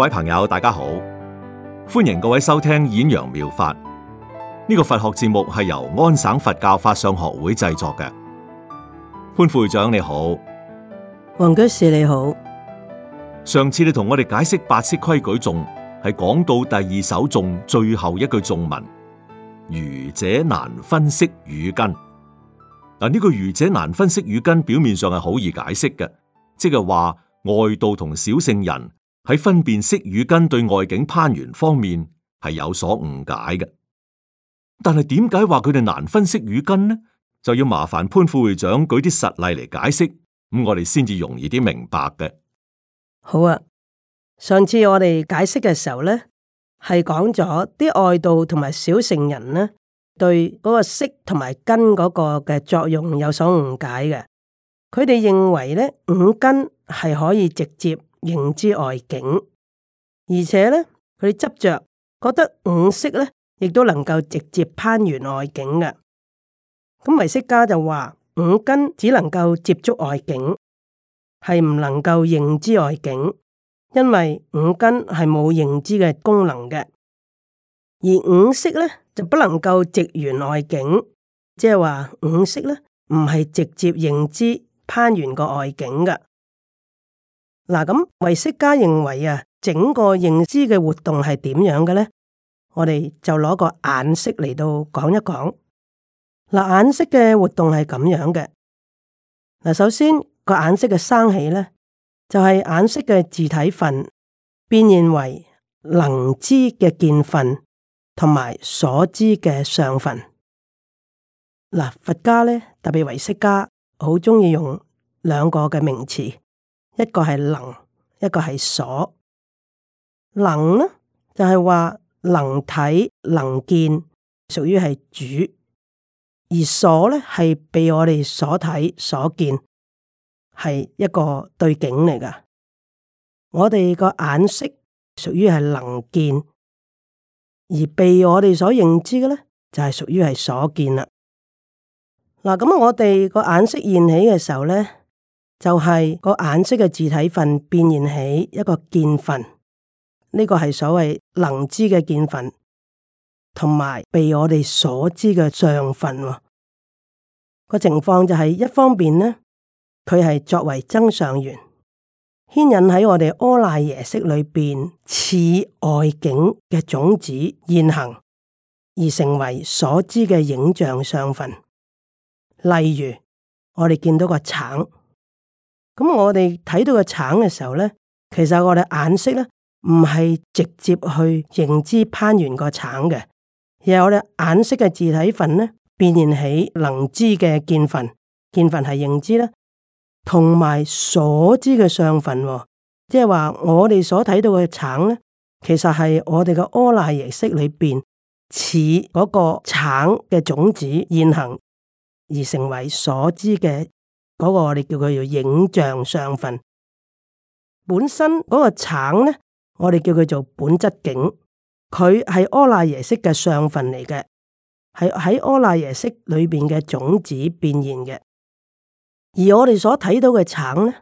各位朋友，大家好，歡迎各位收聽《演揚妙，妙法》呢、這個佛學節目，係由安省佛教法相學會製作嘅。潘副會長你好，黃居士你好。上次你同我哋解釋八識規矩頌，係講到第二首頌最後一句頌文：愚者難分識與根。嗱，呢個愚者難分識與根，表面上係好易解釋嘅，即係話外道同小聖人。喺分辨色與根對外境攀緣方面係有所誤解嘅，但係點解話佢哋難分色與根呢？就要麻煩潘副會長舉啲實例嚟解釋，咁我哋先至容易啲明白嘅。好啊，上次我哋解釋嘅時候咧，係講咗啲外道同埋小乘人呢，對嗰個色同埋根嗰個嘅作用有所誤解嘅，佢哋認為咧五根係可以直接，認知外境，而且呢，佢執着覺得五識呢亦都能夠直接攀緣外境嘅。咁唯識家就話五根只能夠接觸外境，係唔能夠認知外境，因為五根係冇認知嘅功能嘅。而五識呢，就不能夠直緣外境，即係話五識呢唔係直接認知攀緣個外境嘅。嗱，咁唯識家認為啊，整個認知嘅活動係點樣嘅咧？我哋就攞個眼識嚟到講一講。嗱、呃，眼識嘅活動係咁樣嘅。嗱、呃，首先個眼識嘅生起咧，就係、是、眼識嘅自體份變現為能知嘅見份，同埋所知嘅相份。嗱、呃，佛家咧，特別唯識家好鍾意用兩個嘅名詞。一個係能，一個係所。能呢就係、是、話能睇能見，屬於係主；而所呢係被我哋所睇所見，係一個對境嚟噶。我哋個眼識屬於係能見，而被我哋所認知嘅呢就係、是、屬於係所見啦。嗱，咁我哋個眼識現起嘅時候呢？就係、是那個眼識嘅自體份變現起一個見份，呢、這個係所謂能知嘅見份，同埋被我哋所知嘅相份。這個情況就係、是、一方面呢佢係作為增上緣，牽引喺我哋阿賴耶識裏邊似外境嘅種子現行，而成為所知嘅影像相份。例如我哋見到個橙。咁我哋睇到個橙嘅時候咧，其實我哋眼識咧唔係直接去認知攀緣個橙嘅，而係我哋眼識嘅自體分咧，變現起能知嘅見份，見份係認知啦，同埋所知嘅相份、哦，即係話我哋所睇到嘅橙咧，其實係我哋嘅阿賴耶識裏邊似嗰個橙嘅種子現行而成為所知嘅。嗰個我哋叫佢做影像相分，本身嗰個橙呢，我哋叫佢做本質境，佢係阿賴耶識嘅相分嚟嘅，係喺阿賴耶識裏邊嘅種子變現嘅，而我哋所睇到嘅橙呢，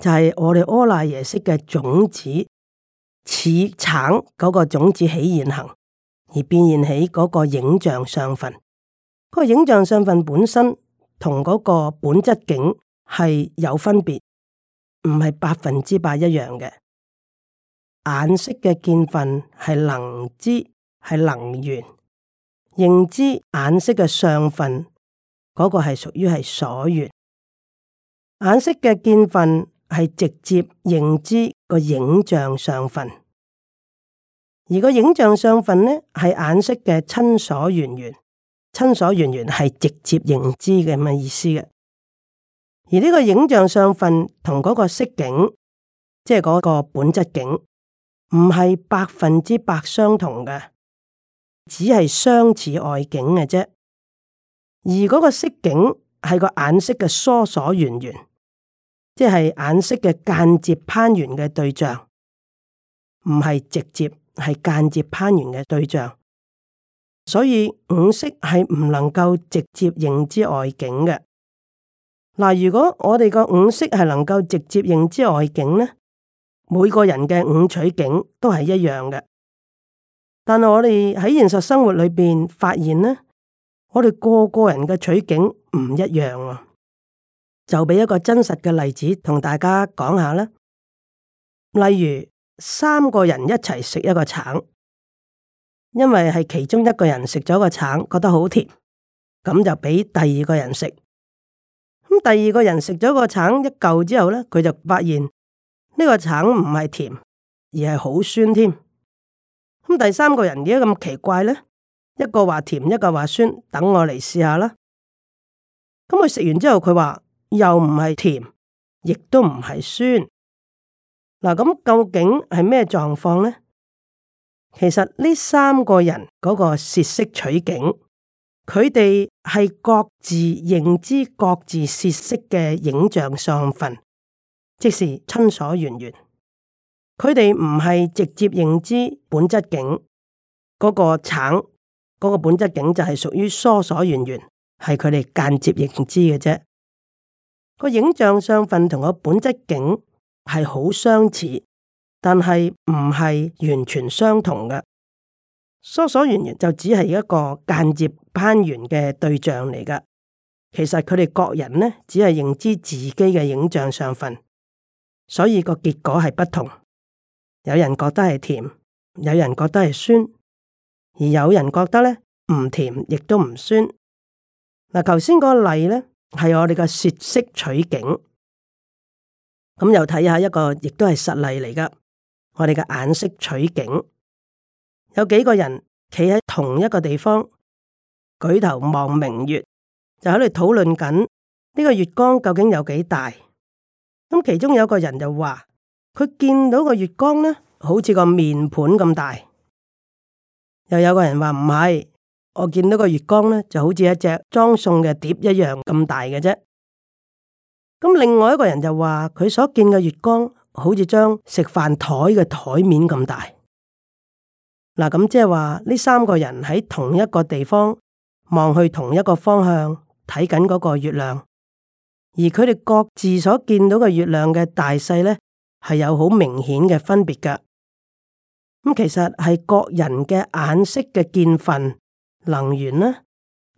就係、是、我哋阿賴耶識嘅種子似橙嗰個種子起現行而變現起嗰個影像相分，那個影像相分本身。同嗰個本質境係有分別，唔係百分之百一樣嘅。眼識嘅見分係能知，係能緣，認知眼、那個；眼識嘅相分嗰個係屬於係所緣。眼識嘅見分係直接認知個影像相分，而個影像相分呢係眼識嘅親所緣緣。親所緣緣係直接認知嘅咁嘅意思嘅，而呢個影像上分同嗰個色境，即係嗰個本質境，唔係百分之百相同嘅，只係相似外境嘅啫。而嗰個色境係個眼識嘅疏所緣緣，即係眼識嘅間接攀緣嘅對象，唔係直接係間接攀緣嘅對象。所以五色係唔能夠直接認知外境嘅。嗱，如果我哋個五色係能夠直接認知外境呢？每個人嘅五取境都係一樣嘅。但我哋喺現實生活裏邊發現呢，我哋個個人嘅取境唔一樣哦。就俾一個真實嘅例子同大家講下啦。例如三個人一齊食一個橙。因為係其中一個人食咗個橙，覺得好甜，咁就俾第二個人食。咁第二個人食咗個橙一嚿之後呢，佢就發現呢個橙唔係甜，而係好酸添。咁第三個人點解咁奇怪呢？一個話甜，一個話酸，等我嚟試下啦。咁佢食完之後，佢話又唔係甜，亦都唔係酸。嗱，咁究竟係咩狀況呢？其實呢三個人嗰、那個設色取景，佢哋係各自認知、各自設色嘅影像相分，即是親所緣緣。佢哋唔係直接認知本質境，嗰、那個橙嗰、那個本質境就係屬於疏所緣緣，係佢哋間接認知嘅啫。那個影像相分同個本質境係好相似。但係唔係完全相同嘅，所緣緣就只係一個間接攀緣嘅對象嚟噶。其實佢哋各人呢，只係認知自己嘅影像上份，所以個結果係不同。有人覺得係甜，有人覺得係酸，而有人覺得咧唔甜亦都唔酸。嗱，頭先個例咧係我哋嘅舌識取境，咁又睇下一個亦都係實例嚟噶。我哋嘅眼色取景，有幾個人企喺同一個地方，舉頭望明月，就喺度討論緊呢個月光究竟有幾大。咁其中有一個人就話，佢見到個月光咧，好似個面盤咁大；又有個人話唔係，我見到個月光咧，就好似一隻裝餸嘅碟一樣咁大嘅啫。咁另外一個人就話佢所見嘅月光。好似張食飯台嘅台面咁大，嗱，咁即係話呢三個人喺同一個地方望去同一個方向睇緊嗰個月亮，而佢哋各自所見到嘅月亮嘅大細呢，係有好明顯嘅分別嘅。咁其實係各人嘅眼色嘅見分能緣，呢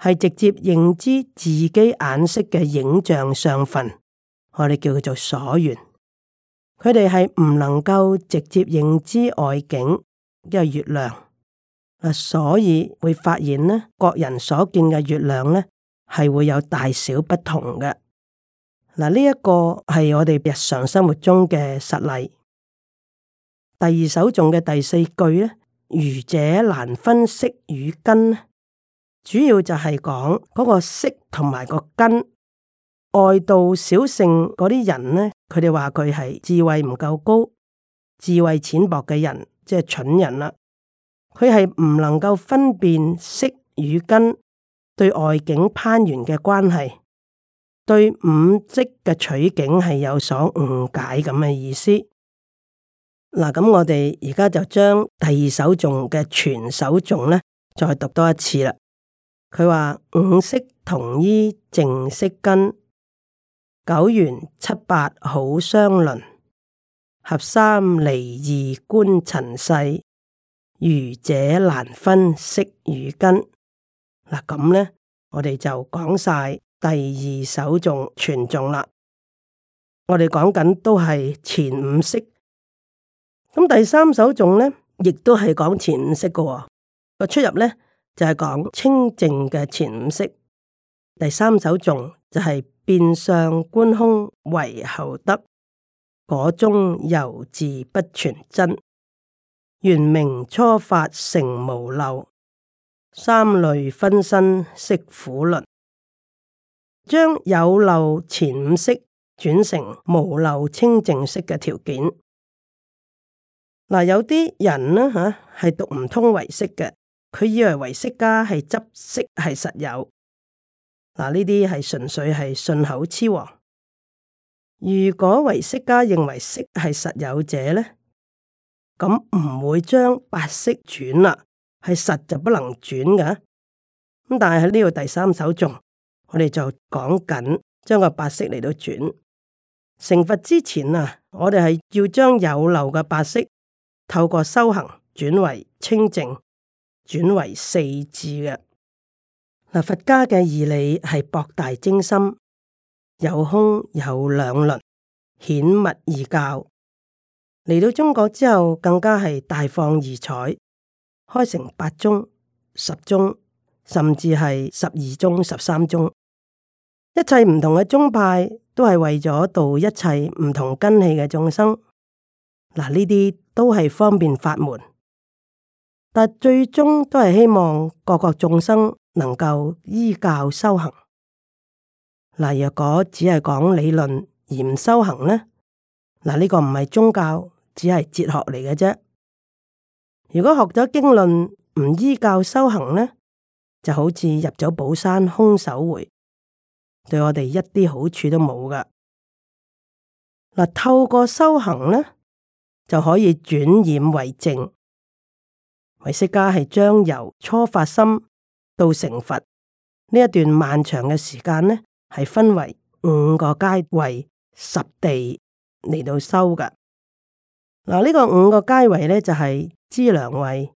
係直接認知自己眼色嘅影像上分，我哋叫佢做所緣。佢哋係唔能夠直接認知外景，就係個月亮，所以會發現呢，各人所見嘅月亮呢，係會有大小不同嘅。嗱，呢一個係我哋日常生活中嘅實例。第二首誦嘅第四句咧，愚者難分識與根，主要就係講嗰個識同埋個根，外道小聖嗰啲人呢，佢哋話佢係智慧唔夠高、智慧淺薄嘅人，即係蠢人啦。佢係唔能夠分辨識與根對外境攀緣嘅關係，對五識嘅取景係有所誤解咁嘅意思。嗱，咁我哋而家就將第二首頌嘅全首頌咧，再讀多一次啦。佢話五識同依淨色根。九緣七八好相鄰，合三離二觀塵世，愚者難分識與根。嗱，咁咧，我哋就講晒第二首頌全頌啦。我哋講緊都係前五識。咁第三首頌咧，亦都係講前五識嘅。個出入咧就係講清淨嘅前五識。第三首頌、哦、就係、是。變相觀空為後得，果中猶自不全真。圓明初發成無漏，三類分身息苦輪，將有漏前五識轉成無漏清淨識嘅條件。嗱、嗯，有啲人呢吓係讀唔通唯識嘅，佢以為唯識家係執識係實有。嗱，呢啲係純粹係信口雌黃。如果唯識家認為識係實有者咧，咁唔會將八識轉啦，係實就不能轉嘅。咁但係喺呢個第三首頌，我哋就講緊將個八識嚟到轉。成佛之前啊，我哋係要將有漏嘅八識透過修行轉為清淨，轉為四智嘅。佛家嘅義理係博大精深，有空有兩輪，顯密二教。嚟到中國之後，更加係大放異彩，開成八宗、十宗，甚至係十二宗、十三宗。一切唔同嘅宗派，都係為咗度一切唔同根器嘅眾生。嗱，呢啲都係方便法門，但最終都係希望各國眾生。能夠依教修行，嗱，若果只係講理論而唔修行呢？嗱呢，這個唔係宗教，只係哲學嚟嘅啫。如果學咗經論唔依教修行呢，就好似入咗寶山空手回，對我哋一啲好處都冇㗎。嗱，透過修行呢，就可以轉染為淨。唯識家係將由初發心，到成佛呢一段漫長嘅時間呢，係分為五個階位，十地嚟到修嘅。嗱，呢個五個階位呢，就係資糧位、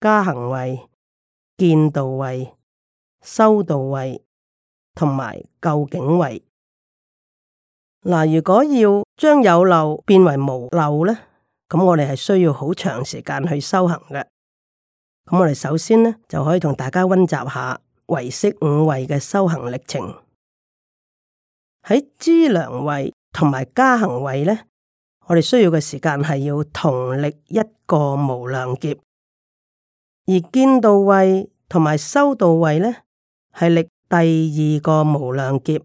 加行位、見道位、修道位同埋究竟位。嗱，如果要將有漏變為無漏呢，咁我哋係需要好長時間去修行嘅。咁我哋首先呢，就可以同大家温習下唯識五位嘅修行歷程。喺資糧位同埋加行位呢，我哋需要嘅時間係要同歷一個無量劫；而見道位同埋修道位呢，係歷第二個無量劫，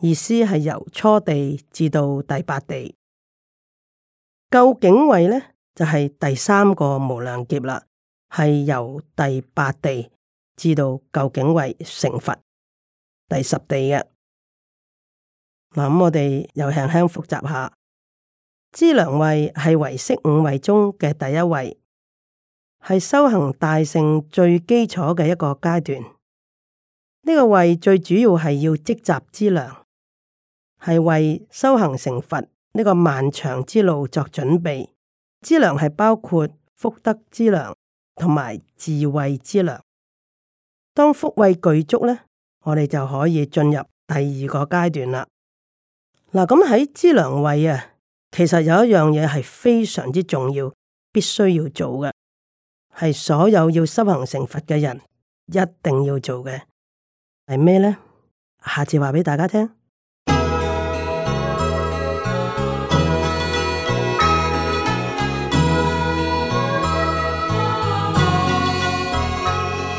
意思係由初地至到第八地。究竟位呢，就係第三個無量劫啦。係由第八地至到究竟位成佛第十地嘅。嗱，咁我哋又輕輕複習下資糧位係唯識五位中嘅第一位，係修行大乘最基礎嘅一個階段。呢、這個位最主要係要積集資糧，係為修行成佛呢、這個漫長之路作準備。資糧係包括福德資糧。同埋智慧之糧，當福慧具足呢，我哋就可以進入第二個階段啦。嗱，咁喺資糧位啊，其實有一樣嘢係非常之重要，必須要做嘅，係所有要修行成佛嘅人一定要做嘅係咩呢？下次話畀大家聽。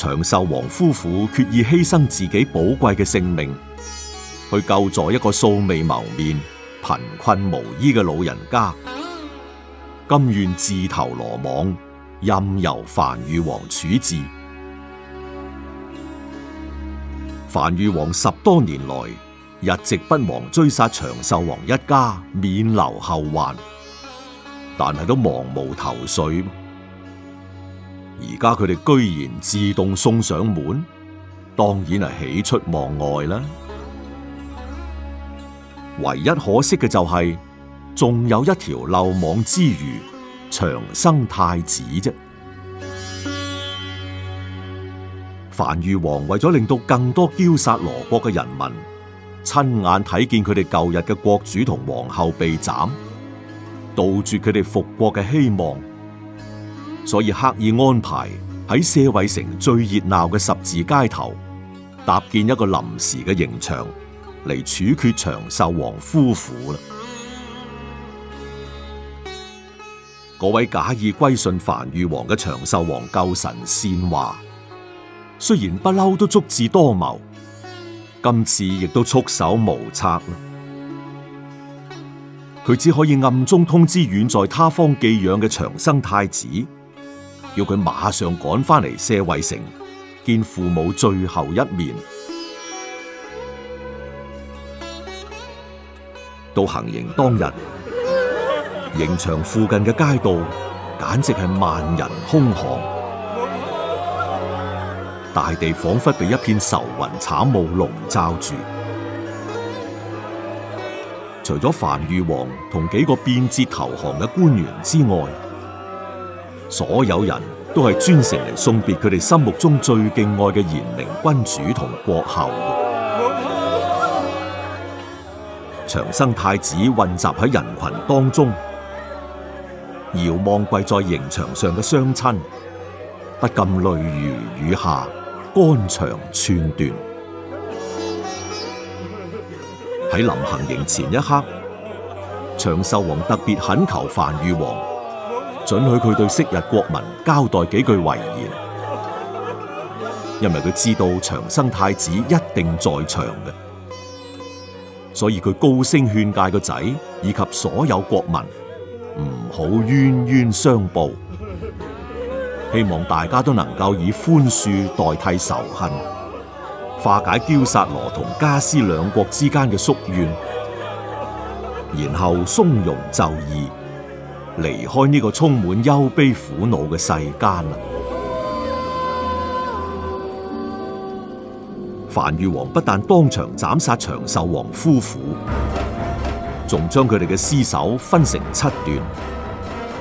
長壽王夫婦決意犧牲自己寶貴嘅性命，去救助一個素未謀面、貧困無依嘅老人家，甘願自投羅網，任由樊宇王處置。樊宇王十多年來一直不忘追殺長壽王一家，免留後患，但係都茫無頭緒。而家佢哋居然自動送上門，當然係喜出望外啦！唯一可惜嘅就係、是，仲有一條漏網之魚——長生太子啫。樊御王為咗令到更多驕殺羅國嘅人民，親眼睇見佢哋舊日嘅國主同皇后被斬，杜絕佢哋復國嘅希望。所以刻意安排喺舍衛城最熱鬧嘅十字街頭，搭建一個臨時嘅刑場嚟處決長壽王夫婦啦。 位假意歸順梵豫王嘅長壽王救神善話，雖然不嬲都足智多謀，今次亦都束手無策啦。佢只可以暗中通知遠在他方寄養嘅長生太子。要佢馬上趕返嚟舍衛城，見父母最後一面。 到行刑當日， 刑場附近嘅街道簡直係萬人空巷， 大地仿佛被一片愁雲慘霧籠罩住。 除咗梵豫王同幾個變節投降嘅官員之外，所有人都係專程嚟送別佢哋心目中最敬愛嘅賢明君主同國后嘅。長生太子混雜喺人群當中，遙望跪在刑場上嘅雙親，不禁淚如雨下，肝腸寸斷。喺臨行刑前一刻，長壽王特別懇求范宇王。准許佢對昔日國民交代幾句遺言，因為佢知道長生太子一定在場嘅，所以佢高聲勸誡個仔以及所有國民唔好冤冤相報，希望大家都能夠以寬恕代替仇恨，化解鳩薩羅同加斯兩國之間嘅宿怨，然後從容就義，離開呢個充滿憂悲苦惱嘅世間啦！梵豫王不但當場斬殺長壽王夫婦，仲將佢哋嘅屍首分成七段，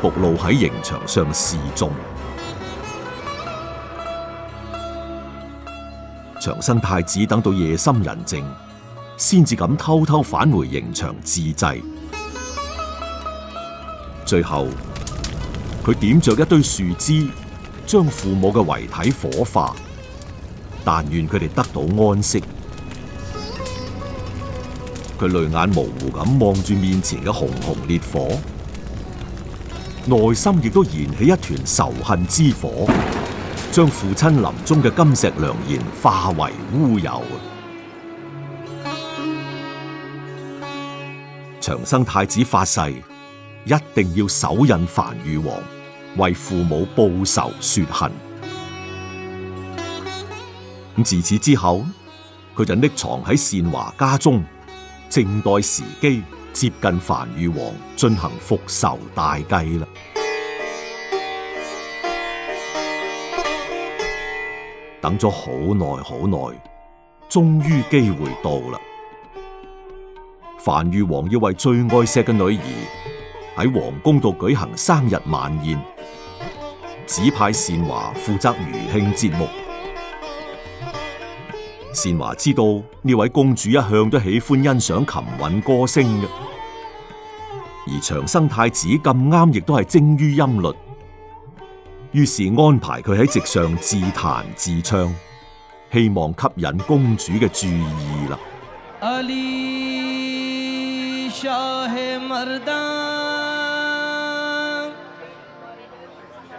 暴露喺刑場上示眾。長生太子等到夜深人靜，先至敢偷偷返回刑場自制。最後，佢點着一堆樹枝，將父母嘅遺體火化，但願佢哋得到安息。佢淚眼模糊咁望住面前嘅熊熊烈火，內心亦都燃起一團仇恨之火，將父親臨終嘅金石良言化為烏有。長生太子發誓。一定要手刃樊玉王，為父母報仇雪恨。咁自此之後，佢就匿藏喺善華家中，正待時機接近樊玉王，進行復仇大計啦。等咗好耐，好耐，終於機會到啦！樊玉王要為最愛錫嘅女兒。喺皇宮度舉行生日晚宴，指派善華負責餘興節目。善華知道呢位公主一向都喜歡欣賞琴韻歌聲嘅，而長生太子咁啱亦都係精於音律，於是安排佢喺席上自彈自唱，希望吸引公主嘅注意啦。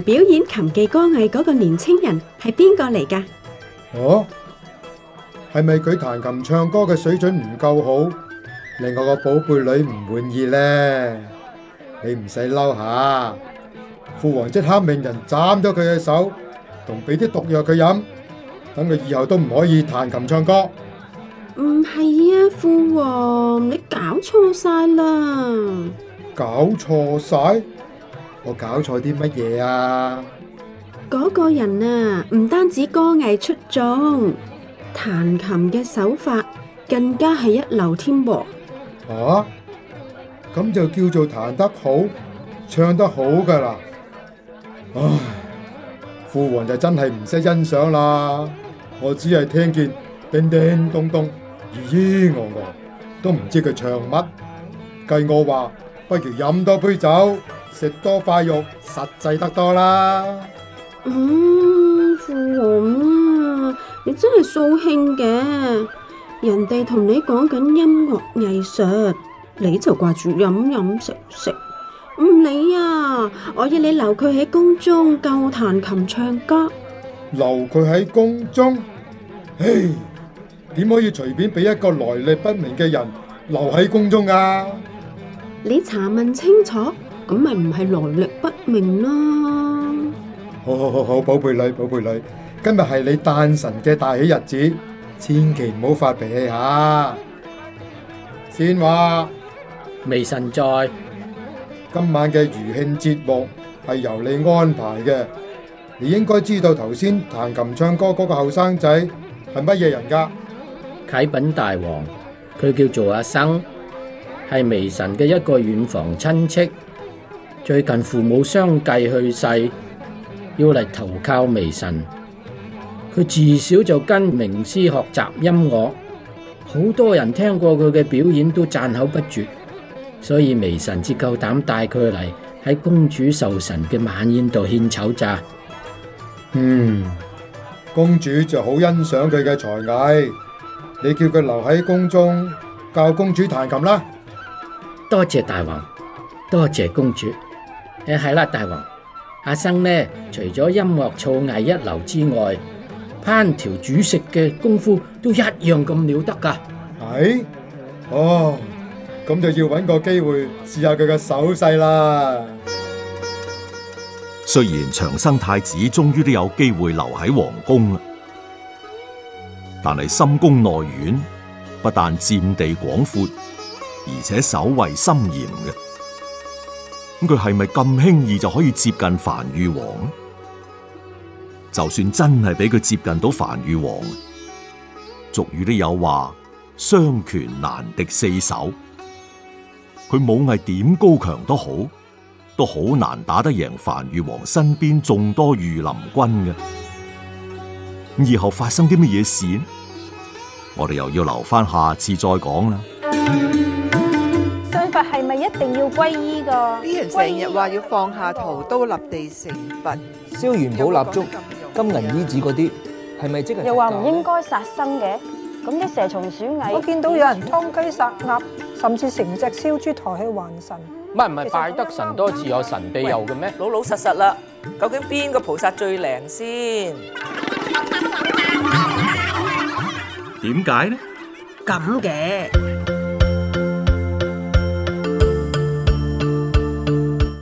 表演琴技歌藝嗰個年輕人係邊個嚟噶？哦，係咪佢彈琴唱歌嘅水準唔夠好，令我個寶貝女唔滿意咧？你唔使嬲，吓，父王即刻命人斬咗佢嘅手，同俾啲毒藥佢飲，等佢以後都唔可以彈琴唱歌。唔係啊，父王，你搞錯晒啦！搞錯晒？我搞錯啲乜嘢啊？嗰個人啊，唔單止歌藝出眾，彈琴嘅手法更加係一流添噃。啊？咁、啊、就叫做彈得好，唱得好噶啦。唉，父王就真係唔識欣賞啦。我只係聽見叮、叮叮咚咚，咦，咿我我，都唔知佢唱乜。計我話，不如飲多杯酒。食多塊肉，實際得多啦。嗯，父皇啊，你真係掃興嘅。人哋同你講緊音樂藝術，你就掛住飲飲食食，唔理啊！我要你留佢喺宮中教我彈琴唱歌。留佢喺宮中？唉，點可以隨便俾一個來歷不明嘅人留喺宮中啊？你查問清楚。咁咪唔係來歷不明囉！好好好好，寶貝女，寶貝女，今日係你誕辰嘅大喜日子，千祈唔好發脾氣吓。先話，微神在，今晚嘅餘慶節目係由你安排嘅，你應該知道頭先彈琴唱歌嗰個後生仔係乜嘢人㗎？啟稟大王，佢叫做阿生，係微神嘅一個遠房親戚。最近父母相繼去世，要嚟投靠微臣。佢自小就跟名師學習音樂，好多人聽過佢嘅表演都讚口不絕。所以微臣至夠膽帶佢嚟喺公主壽辰嘅晚宴度獻醜咋。嗯，公主就好欣賞佢嘅才藝，你叫佢留喺宮中教公主彈琴啦。多謝大王，多謝公主。誒，係啦，大王，阿生呢，除咗音樂、錯藝一流之外，烹調煮食嘅功夫都一樣咁了得噶。係。哦，咁就要搵個機會試下佢嘅手勢啦。雖然長生太子終於都有機會留喺皇宮啦，但係深宮內院不但佔地廣闊，而且守衛森嚴嘅。咁佢係咪咁輕易就可以接近樊玉皇呢？就算真係俾佢接近到樊玉王，俗語都有話，雙拳難敵四手。佢武藝點高強都好，都好難打得贏樊玉王身邊眾多御林軍嘅。以後發生啲乜嘢事呢，我哋又要留翻下，下次再講啦。係咪一定要皈依㗎？啲人成日話要放下屠刀立地成佛，燒元寶蠟燭、金銀衣紙嗰啲，係咪即係？又話唔應該殺生嘅，咁啲蛇蟲鼠蟻，我見到有人劏雞殺鴨，甚至成隻燒豬抬去還神。唔係唔係，拜得神多自有神庇佑嘅咩？老老實實啦，究竟邊個菩薩最靈先？點解呢？咁嘅。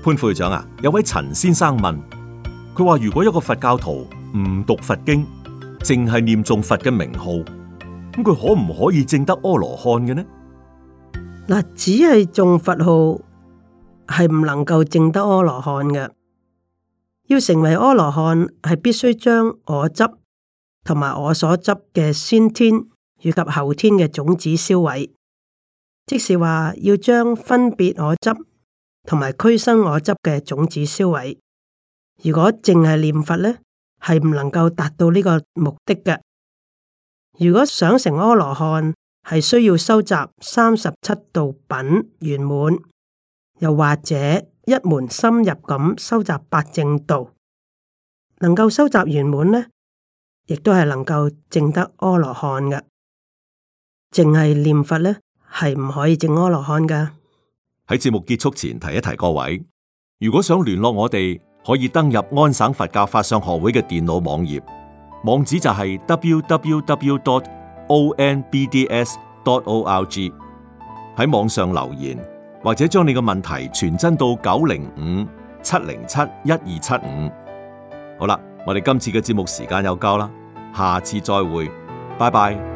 潘副會長啊，有位陳先生問，佢話如果一個佛教徒唔讀佛經，淨係念誦佛嘅名號，咁佢可唔可以證得阿羅漢嘅呢？嗱，只係誦佛號係唔能夠證得阿羅漢嘅，要成為阿羅漢係必須將我執同埋我所執嘅先天以及後天嘅種子銷毀，即是話要將分別我執。同埋驅生我執嘅種子銷毀。如果淨係念佛呢，係唔能夠達到呢個目的嘅。如果想成阿羅漢，係需要收集三十七道品圓滿，又或者一門深入咁收集八正道，能夠收集圓滿呢，亦都係能夠證得阿羅漢嘅。淨係念佛呢，係唔可以證阿羅漢㗎。喺節目結束前提一提各位，如果想聯絡我哋，可以登入安省佛教法相學會嘅電腦網頁，網址就係 www dot onbds dot org。喺網上留言或者將你嘅問題傳真到九零五七零七一二七五。好啦，我哋今次嘅節目時間又夠啦，下次再會，拜拜。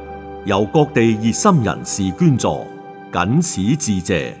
由各地熱心人士捐助，謹此致謝。